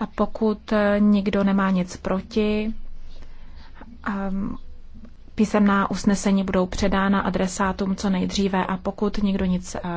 A pokud eh, nikdo nemá nic proti, ehm, písemná usnesení budou předána adresátům co nejdříve a pokud nikdo nic eh,